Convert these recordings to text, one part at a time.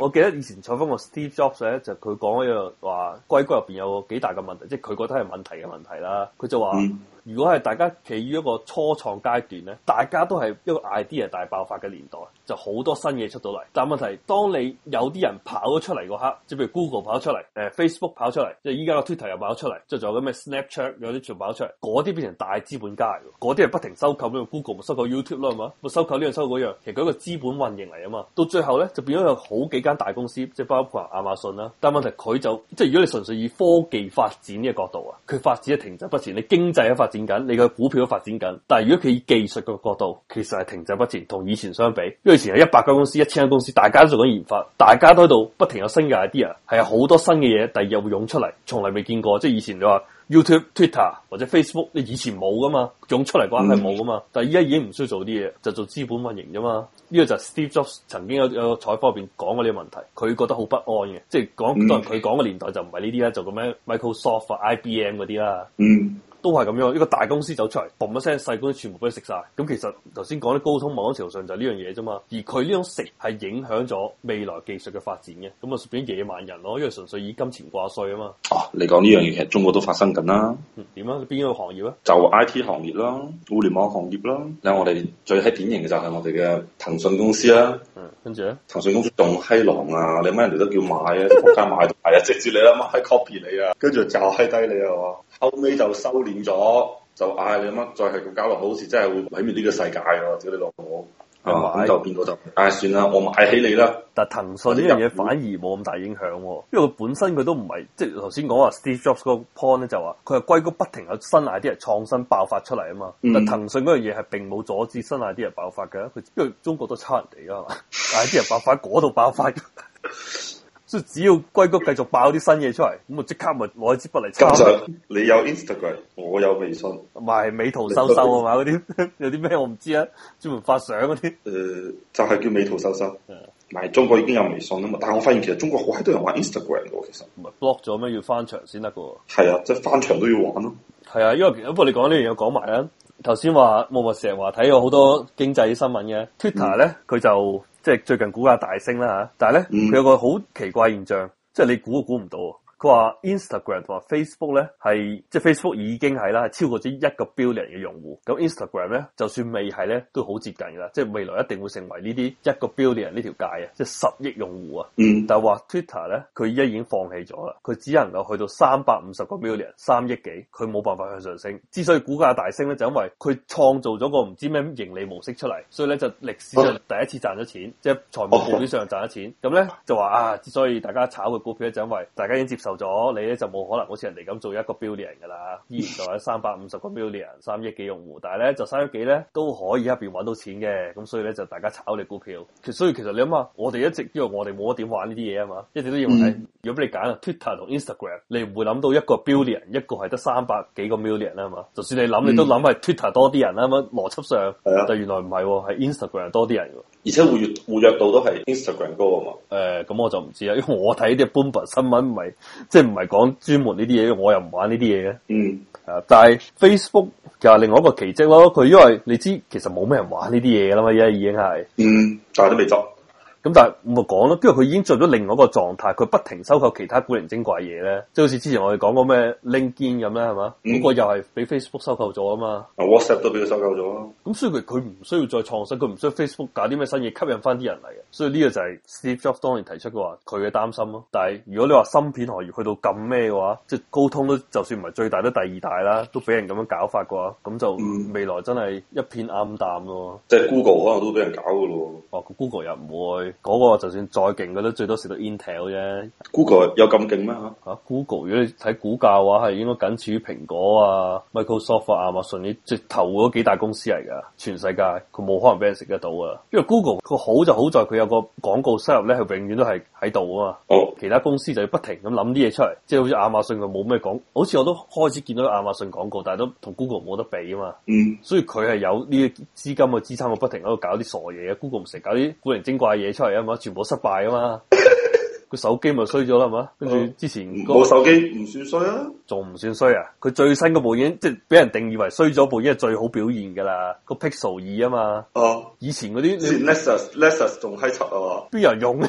我記得以前採訪過 Steve Jobs 咧，就佢講一樣話，硅谷入邊有幾大嘅問題，即係佢覺得係問題嘅問題啦。佢就話。嗯如果係大家企於一個初創階段咧，大家都係一個 idea 大爆發嘅年代，就好多新嘢出到嚟。但問題，當你有啲人跑咗出嚟嗰刻，即譬如 Google 跑咗出嚟，誒、呃、Facebook 跑出嚟，即係依家個 Twitter 又跑咗出嚟，即仲有咁嘅 Snapchat 有啲全部跑出嚟，嗰啲變成大資本家嚟㗎。嗰啲係不停收購，譬如 Google 咪收購 YouTube 咯，係嘛？咪收購呢樣收嗰樣，其實佢個資本運營嚟啊嘛。到最後咧，就變咗有好幾間大公司，即係包括亞馬遜啦。但問題佢就即係如果你純粹以科技發展嘅角度啊，佢發展係停滯不前，你經濟嘅發展緊，你嘅股票都發展緊，但係如果佢以技術嘅角度，其實係停滯不前，同以前相比，因為以前有一百間公司，一千間公司，大家都做緊研發，大家都喺度不停有新嘅 idea，係有好多新嘅嘢，第二日會湧出嚟，從來未見過，即係以前你話。YouTube、Twitter 或者 Facebook，你以前冇噶嘛，用出嚟關係冇噶嘛，嗯、但係依家已經唔需要做啲嘢，就做資本運營啫嘛。呢、這個就係 Steve Jobs 曾經有有個採訪入邊講過呢個問題，佢覺得好不安嘅，即係講、嗯、當佢講嘅年代就唔係呢啲啦，就咁樣 Microsoft、IBM 嗰啲啦，嗯，都係咁樣一個大公司走出嚟，嘣一聲，細公司全部俾佢食晒。咁其實頭先講啲高通、網通上就係呢樣嘢啫嘛。而佢呢種食係影響咗未來技術嘅發展嘅，咁啊屬於野蠻人咯，因為純粹以金錢掛帥啊嘛。哦、啊，你講呢樣嘢其實中國都發生。啦、嗯，點樣？邊個行業啊？就 I T 行業啦，互聯網行業啦。咧我哋最係典型嘅就係我哋嘅騰訊公司啦。嗯，跟住咧，騰訊公司仲閪狼啊！你乜人哋都叫買啊，仆 家買係啊，直接你啦，乜 copy 你啊，跟住就欺低你啊。後尾就收斂咗，就嗌、哎、你乜再係咁搞落好似真係會毀滅呢個世界喎、啊！你老母就變嗰就，唉、嗯，算、嗯、啦，我買起你啦。但係騰訊呢樣嘢反而冇咁大影響、啊，因為佢本身佢都唔係，即係頭先講話 Steve Jobs 嗰個 point 咧，就話佢係硅谷不停有新 idea 創新爆發出嚟啊嘛。嗯、但係騰訊嗰樣嘢係並冇阻止新 idea 爆發嘅，佢因為中國都差人嚟噶嘛，idea 爆發嗰度爆發。 即係只要硅谷繼續爆啲新嘢出嚟，咁啊即刻咪攞支筆嚟抄。加上你有 Instagram，我有微信，唔係美圖秀秀啊嘛？嗰啲 有啲咩我唔知啊，專門發相嗰啲。誒、呃，就係、是、叫美圖秀秀，唔係中國已經有微信啦嘛？但係我發現其實中國好閪多人玩 Instagram 嘅，其實。唔係 block 咗咩？要翻牆先得噶喎。係啊，即、就、係、是、翻牆都要玩咯。係啊，因為不過你講呢樣嘢講埋啦。頭先話冇冇成日話睇好多經濟新聞嘅 Twitter 咧，佢、嗯、就。即係最近股價大升啦吓，但係咧佢有個好奇怪現象，即係你估都估唔到。佢話 Instagram 同埋 Facebook 咧，係即、係、Facebook 已經係啦，係超過咗一個 b i l l i o n 嘅用戶。咁 Instagram 咧，就算未係咧，都好接近噶。即係未來一定會成為呢啲一個 b i l l i o n 呢條界啊，即係十億用戶啊、嗯。但係話 Twitter 咧，佢而家已經放棄咗啦，佢只能夠去到三百五十個 million，三億幾，佢冇辦法向上升。之所以股價大升咧，就因為佢創造咗個唔知咩盈利模式出嚟，所以咧就歷史上第一次賺咗錢，啊、即係財務報表上賺咗錢。咁咧就話啊，之所以大家炒嘅股票就因為大家已經接受。受咗你咧就冇可能好似人哋咁做一個 billion 噶啦，依然就係三百五十個 million，三億幾用戶，但係咧就三億幾咧都可以一邊搵到錢嘅，咁所以咧就大家炒你股票，其所以其實你諗下，我哋一直因為我哋冇乜點玩呢啲嘢啊嘛，一直都要係、嗯、如果俾你揀啊，Twitter 同 Instagram，你唔會諗到一個 billion 一個係得三百幾個 million 啦嘛，就算你諗你都諗係 Twitter 多啲人啦，咁邏輯上，嗯、但係原來唔係、哦，係 Instagram 多啲人的，而且活躍活躍度都係 Instagram 高啊嘛，誒、欸，咁我就唔知啦，因為我睇啲 Bloomberg 新聞唔係。即係唔係講專門呢啲嘢，我又唔玩呢啲嘢嘅。嗯，啊，但係 Facebook 就係另外一個奇蹟咯。佢因為你知，其實冇咩人玩呢啲嘢嘅啦嘛，而家已經係。嗯，但係都未作。咁但係咪講啦，跟住佢已經做咗另外一個狀態，佢不停收購其他古靈精怪嘢咧，即係好似之前我哋講過咩 LinkedIn 咁啦，係嘛？嗰、嗯嗰個又係俾 Facebook 收購咗啊嘛。WhatsApp 都俾佢收購咗。咁所以佢佢唔需要再創新，佢唔需要 Facebook 搞啲咩新嘢吸引翻啲人嚟嘅。所以呢個就係 Steve Jobs 當年提出嘅話，佢嘅擔心咯。但係如果你話芯片行業去到咁咩嘅話，即係高通都就算唔係最大都第二大啦，都俾人咁樣搞法嘅話，咁就未來真係一片暗淡咯。即、嗯、係、就係、Google 可、啊、能都俾人搞嘅咯。哦，Google 又唔會。嗰個就算再勁，佢都最多食到 Intel 啫。Google 有咁勁咩？Google 如果你睇股價嘅話，係應該僅次於蘋果啊、Microsoft 啊、亞馬遜呢，直頭嗰幾大公司嚟噶。全世界佢冇可能俾人食得到啊，因為 Google 佢好就好在佢有個廣告收入咧，佢永遠都係喺度啊嘛。Oh. 其他公司就要不停咁諗啲嘢出嚟，即係好似亞馬遜佢冇咩廣告，好似我都開始見到亞馬遜廣告，但係都同 Google 冇得比啊嘛。嗯，所以佢係有呢啲資金嘅支撐我，不停喺度搞啲傻嘢。Google 唔食，搞啲古靈精怪嘢。出嚟啊嘛，全部失敗啊嘛， 手機嘛 uh, 個手機咪衰咗啦，係嘛？跟住之前個手機唔算衰啊，仲唔算衰啊？佢最新嗰部已經即係俾人定義為衰咗部已經係最好表現噶啦，個 Pixel 二啊嘛。哦、uh,，以前嗰啲以前 Nexus Nexus 仲閪柒啊，邊有人用咧？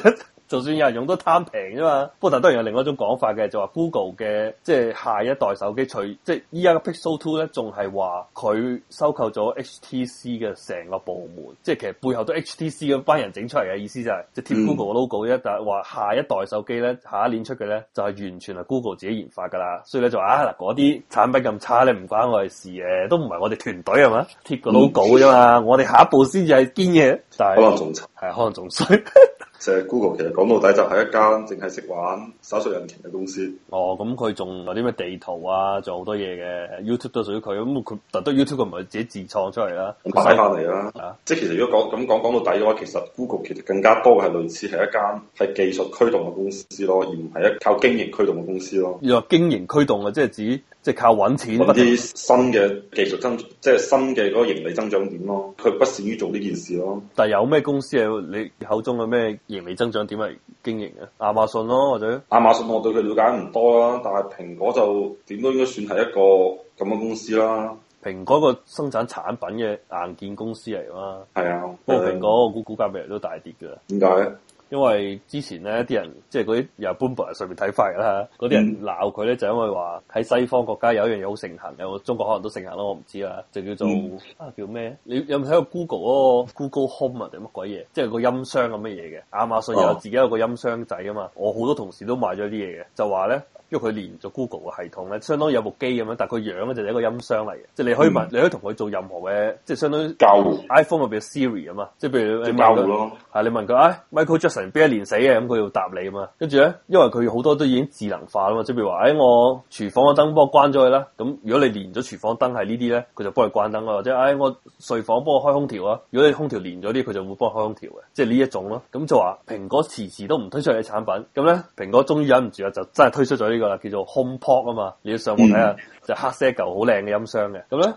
就算有人用都貪平啫嘛，不過但當然有另外一種講法嘅，就話 Google 嘅即係下一代手機，除即係依家嘅 Pixel Two 咧，仲係話佢收購咗 HTC 嘅成個部門，即係其實背後都 HTC 嘅班人整出嚟嘅意思就係、是，就貼、是、Google 嘅 logo 啫，但係，話下一代手機咧，下一年出嘅咧就係、是、完全係 Google 自己研發噶啦，所以咧就話啊嗱，嗰啲產品咁差咧，唔關我哋事嘅，都唔係我哋團隊係嘛，貼個 logo 啫嘛、嗯，我哋下一步先至係堅嘅，但係可能仲差，係可能仲衰。 成 Google 其實講到底就係一間淨係識玩搜索引擎嘅公司。哦，咁佢仲有啲咩地圖啊，做好多嘢嘅。YouTube 都屬於佢，咁佢但得 YouTube 唔係自己自創出嚟啦，擺翻嚟啦。啊，即係其實如果講咁講講到底嘅話，其實 Google 其實更加多嘅係類似係一間係技術驅動嘅公司咯，而唔係一靠經營驅動嘅公司咯。要話經營驅動嘅，即係指即係靠揾錢。啲新嘅技術增，即係新嘅嗰個盈利增長點咯。佢不善於做呢件事咯。但係有咩公司係你口中有咩？盈利增長點嚟經營嘅？亞馬遜咯，或者亞馬遜，Amazon，我對佢了解唔多啦。但係蘋果就點都應該算係一個咁嘅公司啦。蘋果個生產產品嘅硬件公司嚟啦。係啊，不過蘋果我估股價咪都大跌嘅。點解？因為之前咧，啲人即係嗰啲由 Bloomberg 上面睇法啦，嗰啲人鬧佢咧就因為話喺西方國家有一樣嘢好盛行嘅，有中國可能都盛行咯，我唔知啦，就叫做啊叫咩？你有冇睇過 Google 嗰、啊、個 Google Home 啊定乜鬼嘢？即係個音箱咁乜嘢嘅？亞馬遜有自己有個音箱仔啊嘛，我好多同事都買咗啲嘢嘅，就話咧。因為佢連咗 Google 嘅系統咧，相當於有部機咁樣，但係佢樣咧就係一個音箱嚟嘅，即係你可以問，嗯、你可以同佢做任何嘅，即係相當於交互，iPhone 入邊 Siri 啊嘛，即係譬如交互咯，係你問佢啊、哎、Michael Jackson 邊一年死嘅，咁佢要答你啊嘛。跟住咧，因為佢好多都已經智能化啊嘛，即係譬如話，誒、哎、我廚房嘅燈幫我關咗佢啦，咁如果你連咗廚房燈係呢啲咧，佢就幫你關燈啊，或者誒我睡房幫我開空調啊，如果你空調連咗啲，佢就會幫我開空調嘅，即係呢一種咯。咁就話蘋果遲遲都唔推出嚟嘅產品，咁咧蘋果終於忍唔住啦，就真係推出咗呢。叫做 HomePod 啊嘛，你要上網睇下、嗯，就是，黑色一嚿好靚嘅音箱嘅，咁咧，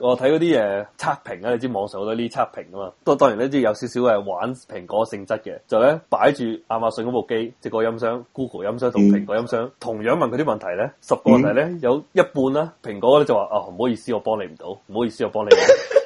我睇嗰啲誒測評啊，你知網上好多呢啲測評噶嘛，我當然呢，即係有少少係玩蘋果性質嘅，就咧擺住亞馬遜嗰部機即係個音箱，Google 音箱同蘋果音箱、嗯、同樣問佢啲問題咧，十個問題咧、嗯、有一半啦，蘋果咧就話哦，唔好意思，我幫你唔到，唔好意思我幫你唔到。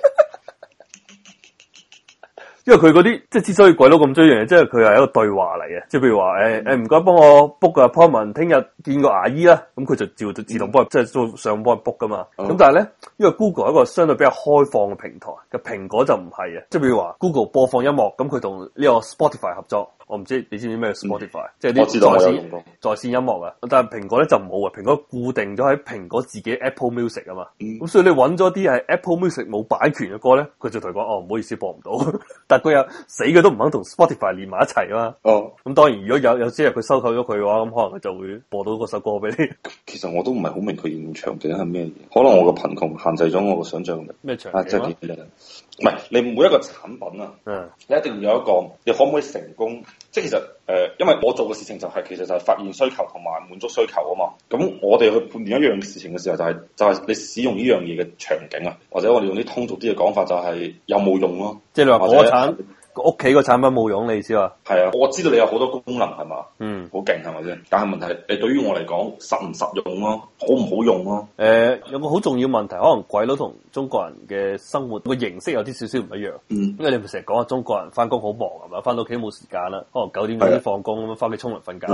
因為佢嗰啲即係之所以鬼佬咁追呢樣嘢，即係佢係一個對話嚟嘅。即係譬如話誒誒，唔、嗯、該、哎、幫我 book 個 appointment，聽日見個牙醫啦，咁佢就自動自動幫、嗯，即係做上幫佢 book 噶嘛。咁、嗯、但係咧，因為 Google 係一個相對比較開放嘅平台，嘅蘋果就唔係啊。即係譬如話 Google 播放音樂，咁佢同呢個 Spotify 合作。我唔知你知唔知咩？Spotify、嗯、即係啲在線在線音樂啊，但係蘋果咧就唔好啊。蘋果固定咗喺蘋果自己 Apple Music 啊嘛，咁、嗯、所以你揾咗啲係 Apple Music 冇版權嘅歌咧，佢就同你講哦，唔好意思播唔到。 但係佢又死嘅都唔肯同 Spotify 連埋一齊啊嘛。哦，咁當然如果有有朝日佢收購咗佢嘅話，咁可能佢就會播到嗰首歌俾你。其實我都唔係好明佢現場場景係咩嘢，可能我嘅貧窮限制咗我嘅想象力。咩場景、啊？唔、啊、係、就是、你，你，你，你每一個產品啊、嗯，你一定要有一個，你可唔可以成功？即係其實誒、呃，因為我做嘅事情就係、是、其實就係發現需求同埋滿足需求啊嘛。咁我哋去判斷一樣事情嘅時候、就是，就係就係你使用呢樣嘢嘅場景啊，或者我哋用啲通俗啲嘅講法，就係有冇用咯、啊。即係你話果產。屋企個產品冇用，你意思嘛？係啊，我知道你有好多功能，係嘛？嗯，好勁係咪先？但係問題係你對於我嚟講，實唔實用咯、啊？好唔好用咯、啊？誒、呃，有冇好重要嘅問題，可能鬼佬同中國人嘅生活個形式有啲少少唔一樣、嗯。因為你咪成日講啊，中國人翻工好忙係嘛？翻到屋企都冇時間啦，可能九點幾放工咁樣翻去沖涼瞓覺。係、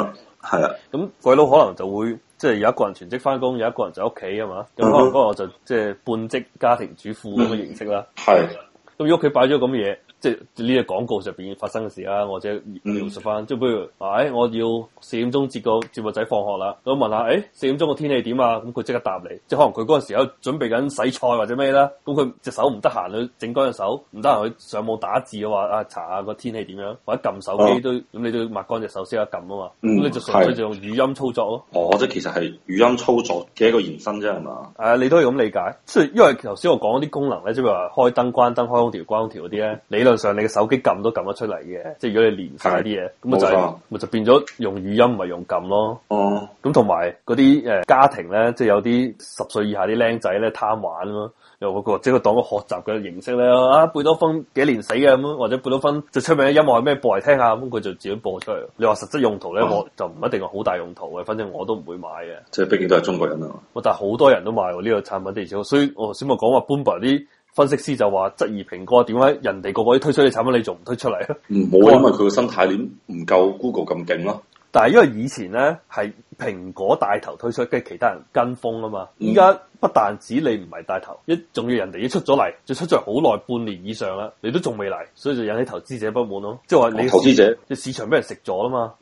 嗯、啊，咁鬼佬可能就會即係有一個人全職翻工，有一個人就喺屋企係嘛？咁可能嗰個就即係半職家庭主婦咁嘅形式啦。係、嗯，咁、嗯、如果屋企擺咗咁嘅嘢。即係呢個廣告上邊發生嘅事啦，或者描述翻，即係譬如，哎，我要四點鐘接個節目仔放學啦。咁問下，哎，四點鐘個天氣點啊？咁佢即刻答你，即係可能佢嗰陣時有準備緊洗菜或者咩啦。咁佢隻手唔得閒去整乾隻手，唔得閒去上網打字嘅話，啊查下個天氣點樣，或者撳手機、哦、都咁、嗯，你都要抹乾隻手先得撳啊嘛。咁、嗯、你就純粹就用語音操作咯。哦，即係其實係語音操作嘅一個延伸啫，係嘛？誒、啊，你都可以咁理解，即係因為頭先我講啲功能咧，即係話開燈、關燈、開空調、關空調嗰啲咧，你。像上，你嘅手機撳都撳得出嚟嘅，即係如果你連晒啲嘢，咁咪就咪、係、就變咗用語音，唔係用撳咯。哦，咁同埋嗰啲誒家庭咧，即、就、係、是、有啲十歲以下啲僆仔咧貪玩咯，又嗰、那個即係、就是、當個學習嘅形式咧啊，貝多芬幾年死嘅咁，或者貝多芬最出名嘅音樂係咩播嚟聽下、啊、咁，佢就自己播出嚟。你話實質用途咧、嗯，我就唔一定係好大用途嘅，反正我都唔會買嘅。即係畢竟都係中國人啊，但係好多人都買呢個產品嘅，而所以我頭先咪講話搬布啲。分析師就話，質疑蘋果點解人哋個個都推出嘅產品你仲唔推出嚟咧？冇啊，因為佢個生態鏈唔夠 Google 咁勁咯。但係因為以前咧係蘋果帶頭推出，跟其他人跟風啊嘛。依、嗯、家不但止你唔係帶頭，一仲要人哋一出咗嚟，就出咗好耐半年以上啦，你都仲未嚟，所以就引起投資者不滿咯。即係話你投資者，即市場俾人食咗啦嘛。